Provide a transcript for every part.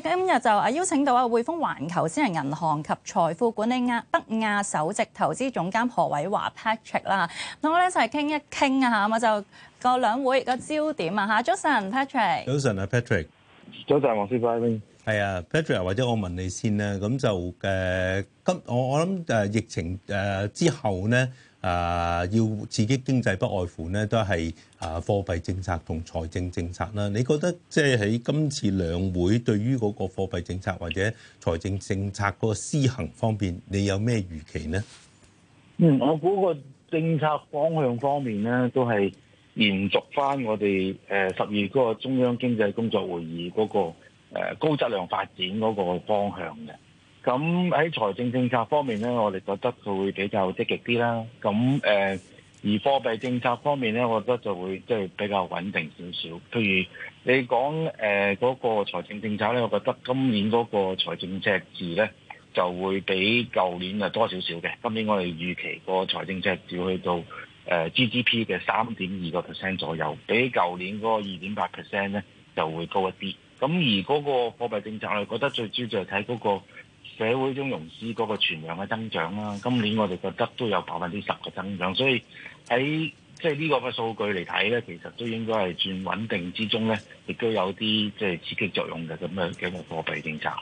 今日就啊，邀請到啊滙豐環球私人銀行及財富管理北亞首席投資總監何偉華 Patrick 啦，同我哋一齊傾一傾啊嚇，咁就個兩會個焦點啊嚇。早晨 Patrick，早晨啊 Patrick，早晨黃先生。係啊，Patrick 或者我問你先啦，咁就誒今我我諗誒疫情誒之後咧。啊！要刺激經濟不外乎呢，都係啊貨幣政策同財政政策啦。你覺得即係喺今次兩會對於嗰個貨幣政策或者財政政策嗰個施行方面，你有咩預期呢？嗯，我估個政策方向方面呢，都係延續翻我哋誒十二嗰個中央經濟工作會議嗰個誒高質量發展嗰個方向嘅。咁喺財政政策方面咧，我哋覺得佢會比較積極啲啦。咁誒、呃，而貨幣政策方面咧，我覺得就會即係比較穩定少少。譬如你講誒嗰個財政政策咧，我覺得今年嗰個財政赤字咧就會比舊年誒多少少嘅。今年我哋預期個財政赤字去到、呃、GDP 嘅三點二個 percent 左右，比舊年嗰個二點八 percent 咧就會高一啲。咁而嗰個貨幣政策，我哋覺得最主要就係睇嗰個。社會中融資嗰個存量嘅增長啦、啊，今年我哋覺得都有百分之十嘅增長，所以喺即係呢個嘅數據嚟睇咧，其實都應該係轉穩定之中咧，亦都有啲即係刺激作用嘅咁樣嘅個貨幣政策。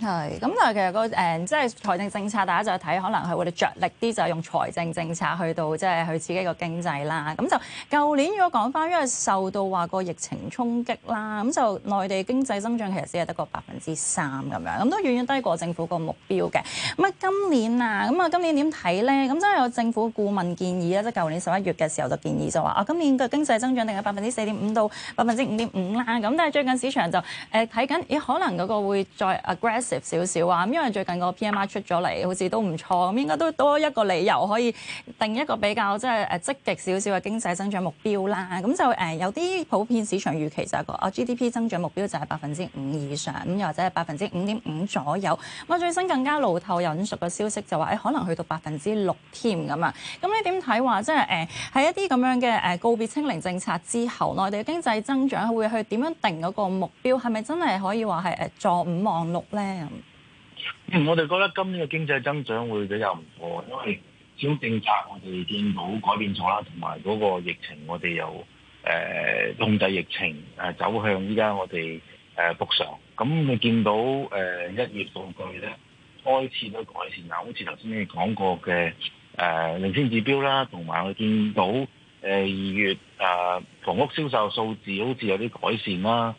係，咁但係其實、嗰誒即係財政政策，大家就睇可能係會着力啲就係、是、用財政政策去到即係、就是、去刺激個經濟啦。咁就舊年如果講翻，因為受到話個疫情衝擊啦，咁就內地經濟增長其實只係得個百分之三咁樣，咁都遠遠低過政府個目標嘅。咁啊今年啊，咁啊今年點睇咧？咁真係有政府顧問建議啦，即係舊年十一月嘅時候就建議就話啊今年嘅經濟增長定係百分之四點五到百分之五點五啦。咁但係最近市場就睇緊、呃，可能嗰個會再 aggress ag。少少啊，因為最近個 PMI 出咗嚟，好似都唔錯，咁應該都多一個理由可以定一個比較即係誒積極少少嘅經濟增長目標啦。咁就誒有啲普遍市場預期就係個哦 GDP 增長目標就係百分之五以上，咁又或者係百分之五點五左右。咁最新更加路透引述嘅消息就話誒、哎、可能去到百分之六添咁啊。咁你點睇話即係誒喺一啲咁樣嘅誒告別清零政策之後，內地嘅經濟增長會去點樣定嗰個目標？係咪真係可以話係誒坐五望六咧？嗯、我哋覺得今年嘅經濟增長會比較唔錯，因為小政策我哋見到改變咗啦，同埋嗰個疫情我哋又誒控制疫情誒走向現在我們，依家我哋誒復常。咁你見到誒、呃、一月數據咧開始都改善啦，但好似頭先你講過嘅誒、呃、領先指標啦，同埋我見到誒二、呃、月誒、呃、房屋銷售數字好似有啲改善啦。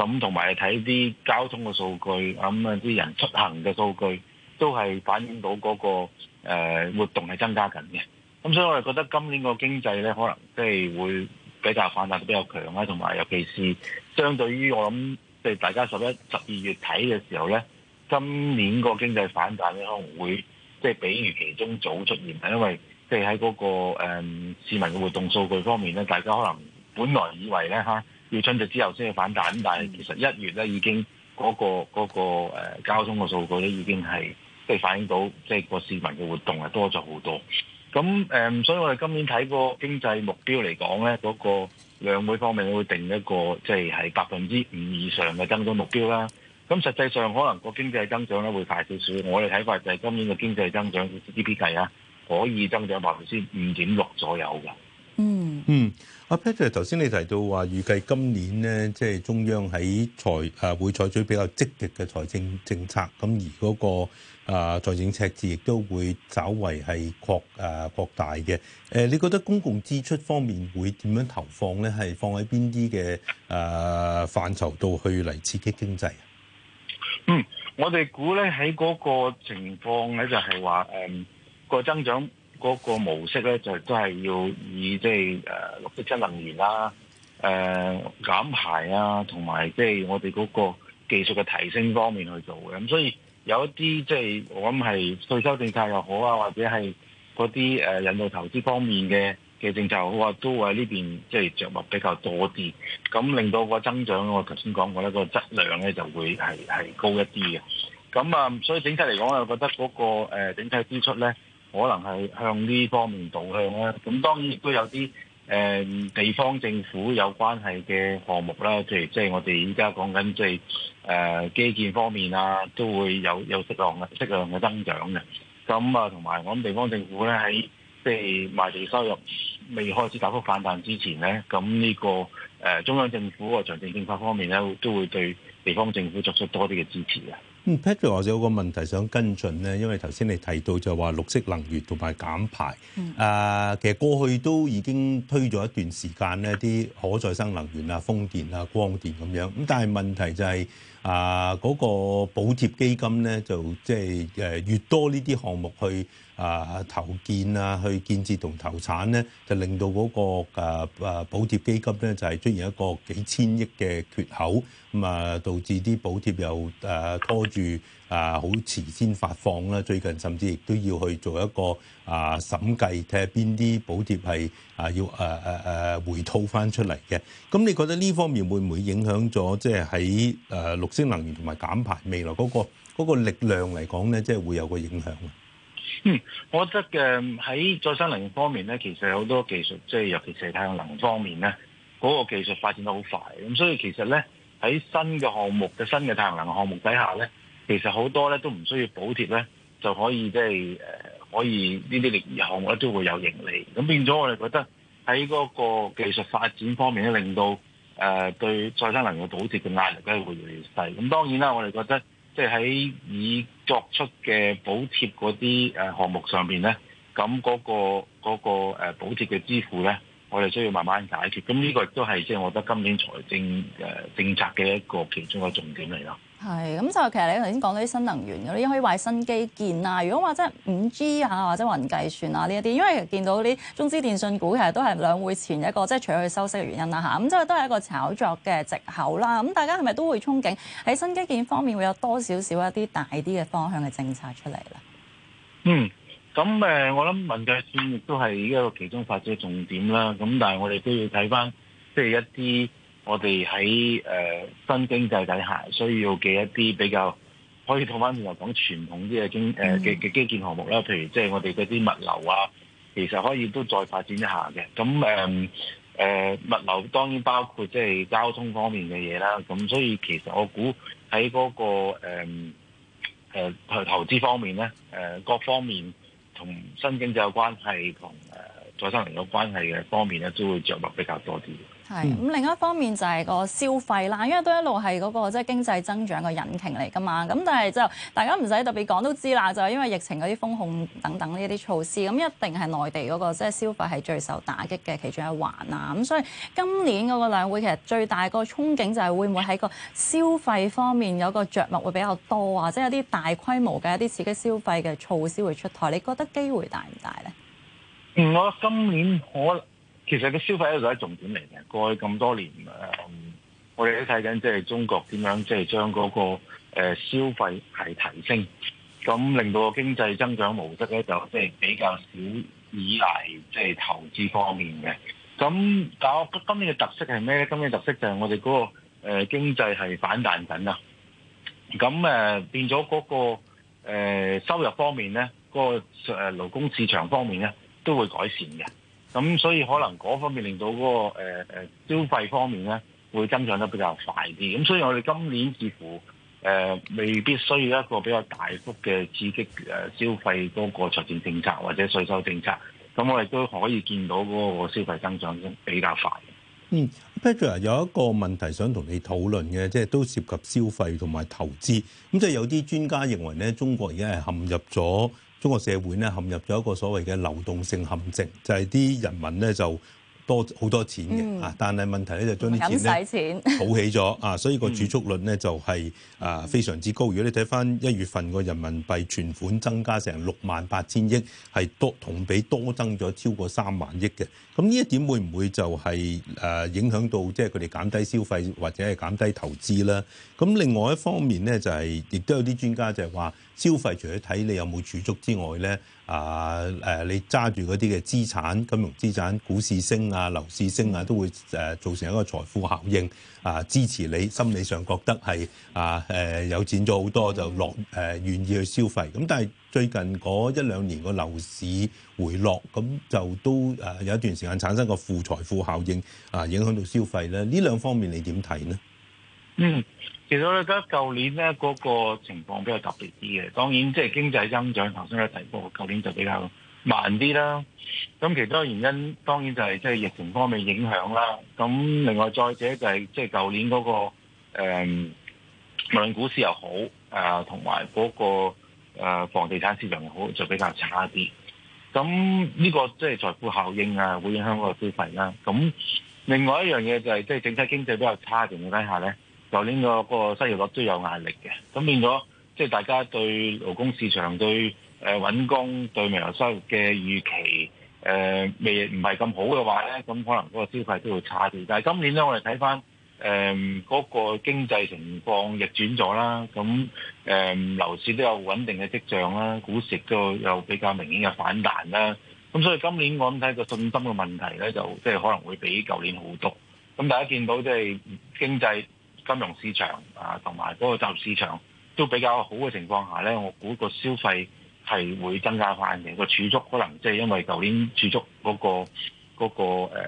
咁同埋睇啲交通嘅數據，咁啊啲人出行嘅數據都係反映到嗰個、呃、活動係增加緊嘅。咁所以我哋覺得今年個經濟咧，可能即係會比較反彈得比較強啦。同埋尤其是相對於我諗即係大家十一十二月睇嘅時候咧，今年個經濟反彈咧可能會即係比預期中早出現，係因為即係喺嗰個、呃、市民嘅活動數據方面咧，大家可能本來以為咧吓。要春節之後先去反彈，但係其實一月咧已經嗰、那個嗰、那個、交通嘅數據咧已經係即係反映到即係個市民嘅活動係多咗好多。咁誒，所以我哋今年睇個經濟目標嚟講咧，嗰、那個兩會方面會定一個即係係百分之五以上嘅增長目標啦。咁實際上可能個經濟增長咧會大少少。我哋睇法就係今年嘅經濟增長 GDP 計啊，可以增長百分之五點六左右㗎。嗯嗯，阿 Patrick 頭先你提到話，預計今年咧，即係中央喺財誒會採取比較積極嘅財政政策，咁而嗰個誒財政赤字亦都會稍為係擴誒擴大嘅。誒，你覺得公共支出方面會點樣投放咧？係放喺邊啲嘅誒範疇度去嚟刺激經濟啊？嗯，我哋估咧喺嗰個情況咧，就係話誒個增長。嗰個模式咧，就都、是、係要以即係誒綠色新能源啦、誒、呃、減排啊，同埋即係我哋嗰個技術嘅提升方面去做嘅。咁、嗯、所以有一啲即係我諗係稅收政策又好啊，或者係嗰啲誒引導投資方面嘅嘅政策又好啊，都會喺呢邊即係着墨比較多啲。咁令到個增長，我頭先講過咧，個質量咧就會係係高一啲嘅。咁啊，所以整體嚟講，我覺得嗰、那個、呃、整體支出咧，可能係向呢方面導向啦。咁當然亦都有啲誒地方政府有關係嘅項目啦，即係即係我哋依家講緊即係誒基建方面啊，都會有有適當嘅適量嘅增長嘅。咁啊，同埋我諗地方政府咧喺即係賣地收入未開始大幅反彈之前咧，咁呢個誒中央政府個財政政策方面咧，都會對地方政府作出多啲嘅支持嘅。Patrick，我有個問題想跟進咧，因為頭先你提到就話綠色能源同埋減排，啊，其實過去都已經推咗一段時間咧，啲可再生能源啊、風電啊、光電咁樣，咁但係問題就係。啊！嗰、那個補貼基金咧，就即、就、係、是啊、越多呢啲項目去啊投建啊，去建設同投產咧，就令到嗰、那個誒誒、啊啊、補貼基金咧，就係、是、出現一個幾千億嘅缺口，咁啊導致啲補貼又誒、啊、拖住。啊！好遲先發放啦，最近甚至亦都要去做一個啊審計，睇下邊啲補貼係啊要啊，啊，啊回吐翻出嚟嘅。咁你覺得呢方面會唔會影響咗？即係喺誒綠色能源同埋減排未來嗰個嗰個力量嚟講咧，即係會有個影響咧？嗯，我覺得嘅喺再生能源方面咧，其實有好多技術，即係尤其是太陽能方面咧，嗰個技術發展得好快。咁所以其實咧喺新嘅項目嘅新嘅太陽能項目底下咧。其實好多咧都唔需要補貼咧，就可以即係、呃、可以呢啲類型項目咧都會有盈利。咁變咗我哋覺得喺嗰個技術發展方面咧，令到誒、呃、對再生能源補貼嘅壓力咧會越嚟越細。咁當然啦，我哋覺得即係喺已作出嘅補貼嗰啲誒項目上面，咧、嗰個，咁、咁、嗰個嗰個誒補貼嘅支付咧，我哋需要慢慢解決。咁呢個亦都係即係我覺得今年財政誒政策嘅一個其中嘅重點嚟咯。係，咁就其實你頭先講到啲新能源嗰啲，你可以話新基建啊，如果話即係五 G 啊，或者雲計算啊呢一啲，因為見到啲中資電信股其實都係兩會前一個即係、就是、除咗去收息嘅原因啦嚇。咁即係都係一個炒作嘅藉口啦。咁大家係咪都會憧憬喺新基建方面會有多少少一啲大啲嘅方向嘅政策出嚟咧？嗯，咁誒，我諗雲計算亦都係一個其中發展嘅重點啦。咁但係我哋都要睇翻即係一啲。我哋喺誒新經濟底下需要嘅一啲比較可以同翻轉嚟講傳統啲嘅經嘅嘅、呃、基建項目啦，譬如即係我哋嗰啲物流啊，其實可以都再發展一下嘅。咁誒、呃呃、物流當然包括即係交通方面嘅嘢啦。咁所以其實我估喺嗰、那個誒、呃、投投資方面咧、呃，各方面同新經濟有關係同誒再生能源有關係嘅方面咧，都會著墨比較多啲。係，咁另一方面就係個消費啦，因為都一路係嗰個即係、就是、經濟增長嘅引擎嚟㗎嘛。咁但係就大家唔使特別講都知啦，就係因為疫情嗰啲風控等等呢啲措施，咁一定係內地嗰、嗰個即係、就是、消費係最受打擊嘅其中一環啊。咁所以今年嗰個兩會其實最大個憧憬就係會唔會喺個消費方面有個着墨會比較多啊，即係有啲大規模嘅一啲刺激消費嘅措施會出台。你覺得機會大唔大呢？我覺得今年可能。其實嘅消費咧就係重點嚟嘅，過去咁多年誒、呃，我哋都睇緊即係中國點樣即係將嗰個消費係提升，咁令到個經濟增長模式咧就即係比較少依賴即係投資方面嘅。咁搞今年嘅特色係咩咧？今年嘅特色就係我哋嗰、那個誒、呃、經濟係反彈緊啊！咁誒、呃、變咗嗰、那個、呃、收入方面咧，嗰、那個誒勞工市場方面咧都會改善嘅。咁所以可能嗰方面令到嗰個誒誒消費方面咧會增長得比較快啲，咁所以我哋今年似乎誒未必需要一個比較大幅嘅刺激誒消費嗰個財政政策或者稅收政策，咁我哋都可以見到個消費增長已經比較快。嗯，Patrick 有一個問題想同你討論嘅，即係都涉及消費同埋投資。咁即係有啲專家認為咧，中國而家係陷入咗。中國社會咧陷入咗一個所謂嘅流動性陷阱，就係、是、啲人民咧就多好多錢嘅，嗯、但係問題咧就將啲錢咧儲起咗啊，嗯、所以個儲蓄率咧就係啊非常之高。嗯、如果你睇翻一月份個人民幣存款增加成六萬八千億，係多同比多增咗超過三萬億嘅。咁呢一點會唔會就係誒影響到即係佢哋減低消費或者係減低投資咧？咁另外一方面咧就係、是、亦都有啲專家就係話。消費除咗睇你有冇儲蓄之外咧，啊誒，你揸住嗰啲嘅資產，金融資產、股市升啊、樓市升啊，都會誒造成一個財富效應啊，支持你心理上覺得係啊誒、啊、有錢咗好多就落誒、啊、願意去消費。咁但係最近嗰一兩年個樓市回落，咁就都誒有一段時間產生個負財富效應啊，影響到消費咧。呢兩方面你點睇呢？嗯，其實我覺得舊年咧嗰、嗰個情況比較特別啲嘅，當然即係經濟增長，頭先咧提過，舊年就比較慢啲啦。咁其他原因當然就係即係疫情方面影響啦。咁另外再者就係即係舊年嗰、嗰個誒、嗯，無論股市又好，誒同埋嗰個房地產市場又好，就比較差啲。咁呢個即係財富效應啊，會影響嗰個消費啦。咁另外一樣嘢就係即係整體經濟比較差嘅情況底下咧。舊年個個失業率都有壓力嘅，咁變咗即係大家對勞工市場、對誒搵、呃、工、對未來收入嘅預期誒、呃，未唔係咁好嘅話咧，咁可能嗰個消費都會差啲。但係今年咧，我哋睇翻誒嗰個經濟情況逆轉咗啦，咁誒、呃、樓市都有穩定嘅跡象啦，股市都有比較明顯嘅反彈啦。咁所以今年我諗睇個信心嘅問題咧，就即係可能會比舊年好多。咁大家見到即係經濟金融市場啊，同埋嗰個集市場都比較好嘅情況下咧，我估個消費係會增加翻嘅。個儲蓄可能即係因為舊年儲蓄嗰個嗰個誒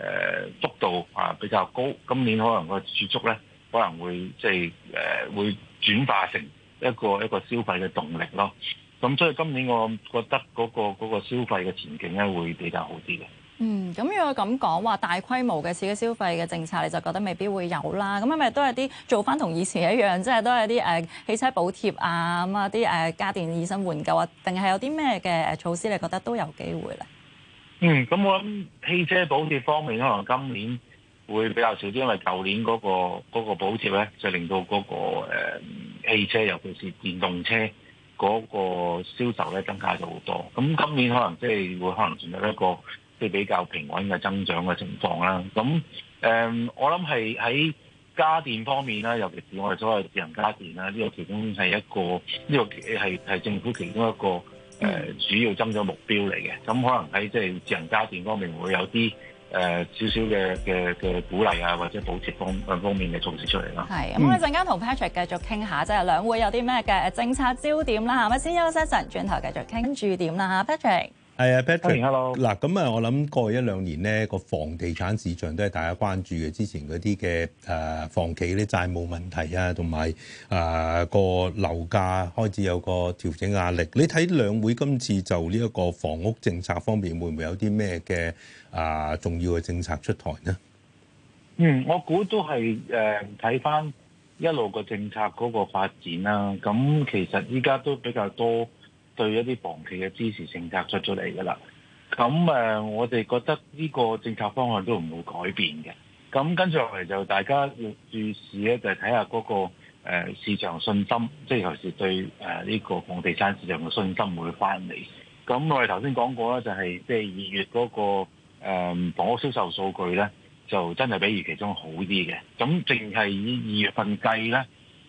幅度啊比較高，今年可能個儲蓄咧可能會即係誒會轉化成一個一個消費嘅動力咯。咁所以今年我覺得嗰個嗰個消費嘅前景咧會比較好啲嘅。嗯，咁如果咁講話大規模嘅刺激消費嘅政策，你就覺得未必會有啦。咁係咪都係啲做翻同以前一樣，即、就、係、是、都係啲誒汽車補貼啊，咁啊啲誒、啊、家電以舊換新啊，定係有啲咩嘅措施？你覺得都有機會咧？嗯，咁我諗汽車補貼方面，可能今年會比較少啲，因為舊年嗰、那個嗰、那個補貼咧，就令到嗰、那個、呃、汽車，尤其是電動車嗰、那個銷售咧增加咗好多。咁今年可能即係、就是、會可能存在一個，啲比較平穩嘅增長嘅情況啦，咁誒、嗯，我諗係喺家電方面啦，尤其是我哋所謂智能家電啦，呢、這個其中係一個，呢、這個係係政府其中一個誒、呃、主要增長目標嚟嘅。咁可能喺即係智能家電方面會有啲誒、呃、少少嘅嘅嘅鼓勵啊，或者補貼方方面嘅措施出嚟啦。係，咁我一陣間同 Patrick 繼續傾下，嗯、即係兩會有啲咩嘅政策焦點啦，係咪先休息陣，轉頭繼續傾住點啦嚇，Patrick。係啊，Patrick，hello。嗱，咁啊，Patrick, hello, hello 我諗過去一兩年咧，個房地產市場都係大家關注嘅。之前嗰啲嘅誒房企咧債務問題啊，同埋誒個樓價開始有個調整壓力。你睇兩會今次就呢一個房屋政策方面，會唔會有啲咩嘅誒重要嘅政策出台呢？嗯，我估都係誒睇翻一路個政策嗰個發展啦。咁其實依家都比較多。對一啲房企嘅支持政策出咗嚟噶啦，咁誒，我哋覺得呢個政策方向都唔會改變嘅。咁跟住落嚟就大家要注視咧，就係睇下嗰個市場信心，即係尤其是對誒呢個房地產市場嘅信心會翻嚟。咁我哋頭先講過啦，就係即係二月嗰個房屋銷售數據咧，就真係比預期中好啲嘅。咁淨係以二月份計咧，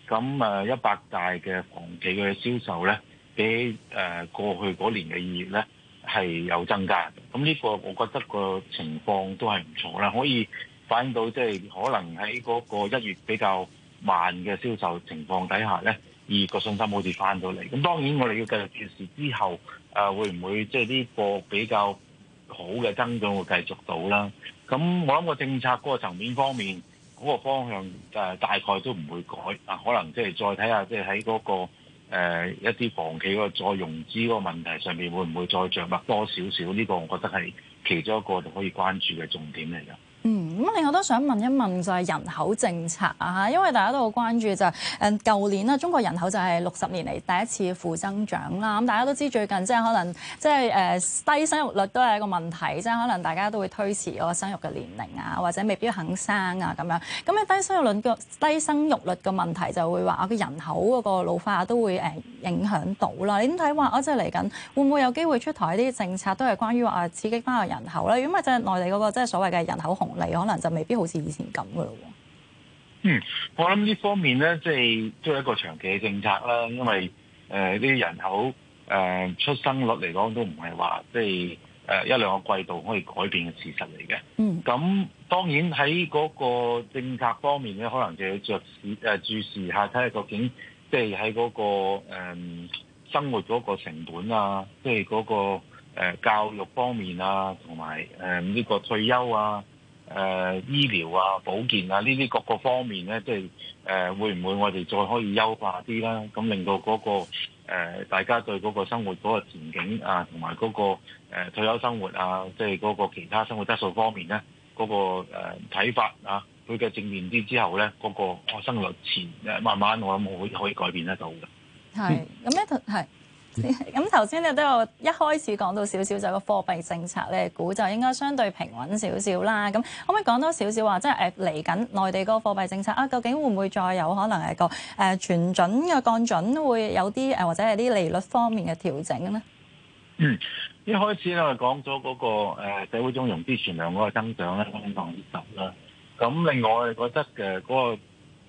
咁誒一百大嘅房企嘅銷售咧，比誒過去嗰年嘅二月咧係有增加，咁呢個我覺得個情況都係唔錯啦，可以反映到即係可能喺嗰個一月比較慢嘅銷售情況底下咧，二月個信心好似返到嚟。咁當然我哋要繼續觀望之後誒、啊、會唔會即係呢個比較好嘅增長會繼續到啦。咁我諗個政策個層面方面嗰、嗰個方向誒大概都唔會改，啊可能即係再睇下即係喺嗰個。誒、呃、一啲房企嘅再融資個問題上面會唔會再着墨多少少？呢、呢個我覺得係其中一個可以關注嘅重點嚟嘅。嗯，咁另外都想問一問就係人口政策啊，嚇，因為大家都好關注就係誒，舊年啊，中國人口就係六十年嚟第一次負增長啦。咁大家都知最近即係可能即係誒低生育率都係一個問題，即係可能大家都會推遲嗰個生育嘅年齡啊，或者未必要肯生啊咁樣。咁你低生育率，低生育率嘅問題就會話，啊，佢人口嗰個老化都會誒影響到啦。你點睇，話我即係嚟緊會唔會有機會出台啲政策都係關於話刺激翻個人口咧？因係即係內地嗰個即係所謂嘅人口紅。嚟可能就未必好似以前咁嘅咯。嗯，我諗呢方面咧，即係都係一個長期嘅政策啦。因為誒啲人口誒出生率嚟講都唔係話即係誒一兩個季度可以改變嘅事實嚟嘅。嗯。咁當然喺嗰個政策方面咧，可能就要着視誒注視下睇下究竟，即係喺嗰個誒生活嗰個成本啊，即係嗰個誒教育方面啊，同埋誒呢個退休啊。誒、呃、醫療啊、保健啊呢啲各個方面咧，即係誒會唔會我哋再可以優化啲咧？咁令到嗰、那個、呃、大家對嗰個生活嗰個前景啊，同埋嗰個、呃、退休生活啊，即係嗰個其他生活質素方面咧，嗰、那個睇、呃、法啊，佢嘅正面啲之後咧，嗰、那個、啊、生活前誒慢慢我諗我可以改變得到嘅。係是，咁咧就係。咁頭先咧都有一開始講到少少就個貨幣政策咧，你估就應該相對平穩少少啦。咁可唔可以講多少少話，即係誒嚟緊內地個貨幣政策啊，究竟會唔會再有可能係個誒存、呃、準嘅降準會有啲誒或者係啲利率方面嘅調整咧？嗯，一開始咧我哋講咗嗰個社會中融資存量嗰個增長咧，穩固啲啦。咁另外我哋覺得嘅、那、嗰個誒、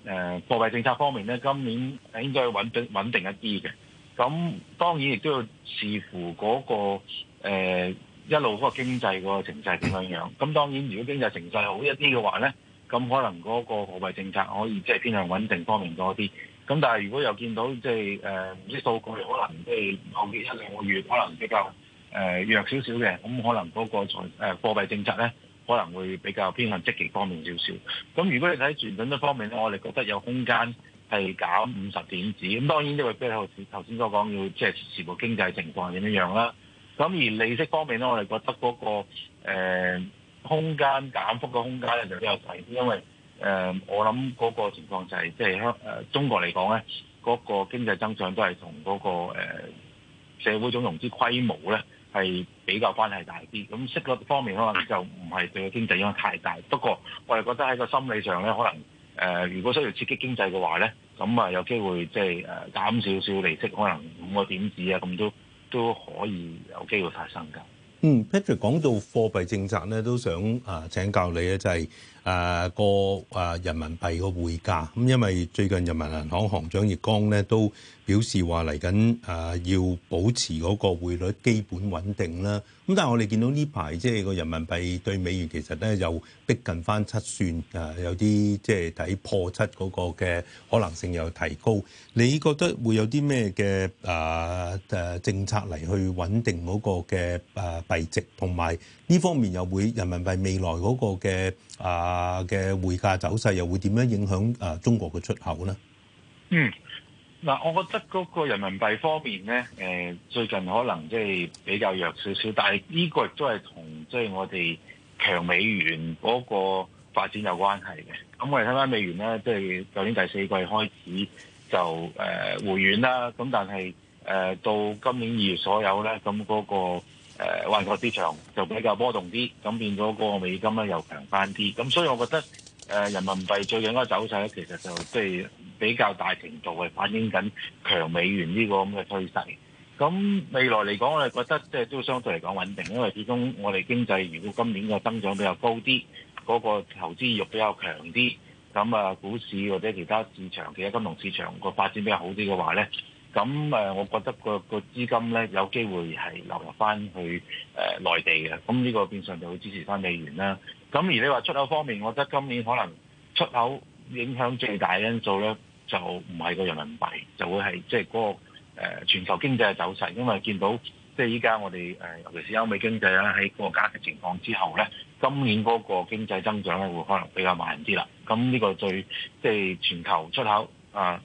呃、貨幣政策方面咧，今年應該穩定穩定一啲嘅。咁當然亦都要視乎嗰、那個、呃、一路嗰個經濟嗰個情勢點樣樣。咁當然，如果經濟情勢好一啲嘅話咧，咁可能嗰個貨幣政策可以即係偏向穩定方面多啲。咁但係如果又見到即係誒唔知數據可能即係後期一兩個月可能比較誒、呃、弱少少嘅，咁可能嗰個財誒貨幣政策咧可能會比較偏向積極方面少少。咁如果你睇存款嗰方面咧，我哋覺得有空間。係減五十點子，咁當然呢個都要頭先所講，要即係全部經濟情況點樣啦。咁而利息方面咧，我哋覺得嗰、那個、呃、空間減幅嘅空間咧就比較細，因為誒、呃、我諗嗰個情況就係即係香中國嚟講咧，嗰、那個經濟增長都係同嗰個、呃、社會總融資規模咧係比較關係大啲。咁息率方面可能就唔係對個經濟影響太大，不過我哋覺得喺個心理上咧可能。誒，如果需要刺激經濟嘅話咧，咁啊有機會即係誒減少少利息，可能五個點子啊，咁都都可以有機會發生㗎。嗯，Patrick 講到貨幣政策咧，都想啊請教你咧，就係、是，誒個誒人民幣個匯價，咁因為最近人民銀行行長易綱咧都表示話嚟緊誒要保持嗰個匯率基本穩定啦。咁但係我哋見到呢排即係個人民幣對美元其實咧又逼近翻七算，誒有啲即係睇破七嗰個嘅可能性又提高。你覺得會有啲咩嘅誒誒政策嚟去穩定嗰個嘅誒、啊、幣值，同埋呢方面又會人民幣未來嗰個嘅誒？啊啊嘅匯價走勢又會點樣影響啊中國嘅出口呢？嗯，嗱，我覺得嗰個人民幣方面咧，誒最近可能即係比較弱少少，但係呢個亦都係同即係我哋強美元嗰個發展有關係嘅。咁我哋睇返美元咧，即係舊年第四季開始就誒回軟啦，咁但係誒到今年二月所有咧，咁嗰個。誒環球市場就比較波動啲，咁變咗個美金咧又強翻啲，咁所以我覺得誒人民幣最近嗰走勢咧，其實就即係比較大程度係反映緊強美元呢個咁嘅趨勢。咁未來嚟講，我哋覺得即係都相對嚟講穩定，因為始終我哋經濟如果今年嘅增長比較高啲，嗰、那個投資欲比較強啲，咁啊股市或者其他市場，其他金融市場個發展比較好啲嘅話咧。咁誒，我覺得個個資金咧有機會係流入翻去誒、呃、內地嘅，咁呢個變相就會支持翻美元啦。咁而你話出口方面，我覺得今年可能出口影響最大嘅因素咧，就唔係個人民幣，就會係即係嗰個、呃、全球經濟嘅走勢，因為見到即係依家我哋誒、呃，尤其是歐美經濟咧喺加息嘅情況之後咧，今年嗰個經濟增長咧會可能比較慢啲啦。咁呢個最即係、就是、全球出口啊。呃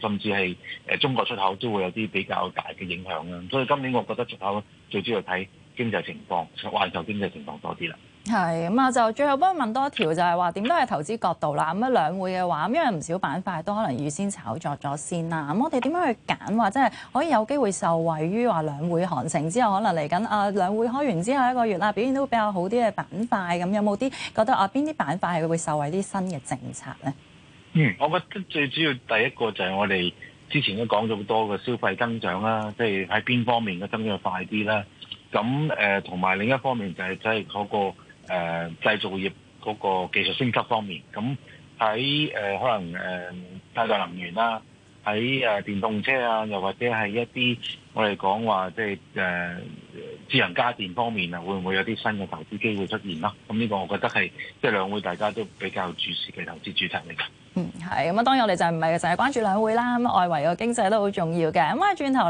甚至係誒中國出口都會有啲比較大嘅影響啦，所以今年我覺得出口最主要睇經濟情況，環球經濟情況多啲啦。係咁啊，就最後幫問多一條，就是，就係話點都係投資角度啦。咁啊兩會嘅話，因為唔少板塊都可能預先炒作咗先啦。咁我哋點樣去揀，或者係可以有機會受惠於話兩會行情之後，可能嚟緊啊兩會開完之後一個月啦，表現都比較好啲嘅板塊。咁有冇啲覺得啊邊啲板塊係會受惠啲新嘅政策咧？嗯，我覺得最主要第一個就係我哋之前都講咗好多嘅消費增長啦，即係喺邊方面嘅增長快啲啦。咁誒同埋另一方面就係即係嗰個誒、呃、製造業嗰個技術升級方面。咁喺誒可能誒太陽能源啦，喺、呃、誒電動車啊，又或者係一啲。我哋講話，即係誒智能家電方面啊，會唔會有啲新嘅投資機會出現啦？咁、這、呢個我覺得係即係兩會大家都比較注視嘅投資主題嚟㗎。嗯，係咁啊，當然我哋就唔係淨係關注兩會啦，咁外圍嘅經濟都好重要嘅。咁啊，轉頭。